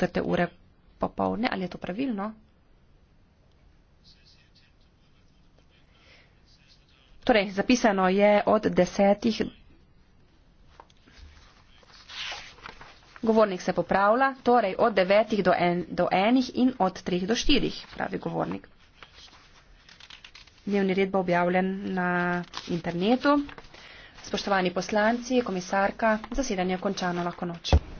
četrte ure popovdne, ali je to pravilno? Torej, zapisano je od desetih. Govornik se popravlja, torej od devetih do, en, do enih in od treh do štirih, pravi govornik. Dnevni red bo objavljen na internetu. Spoštovani poslanci, komisarka, zasedanje je končano, lahko noč.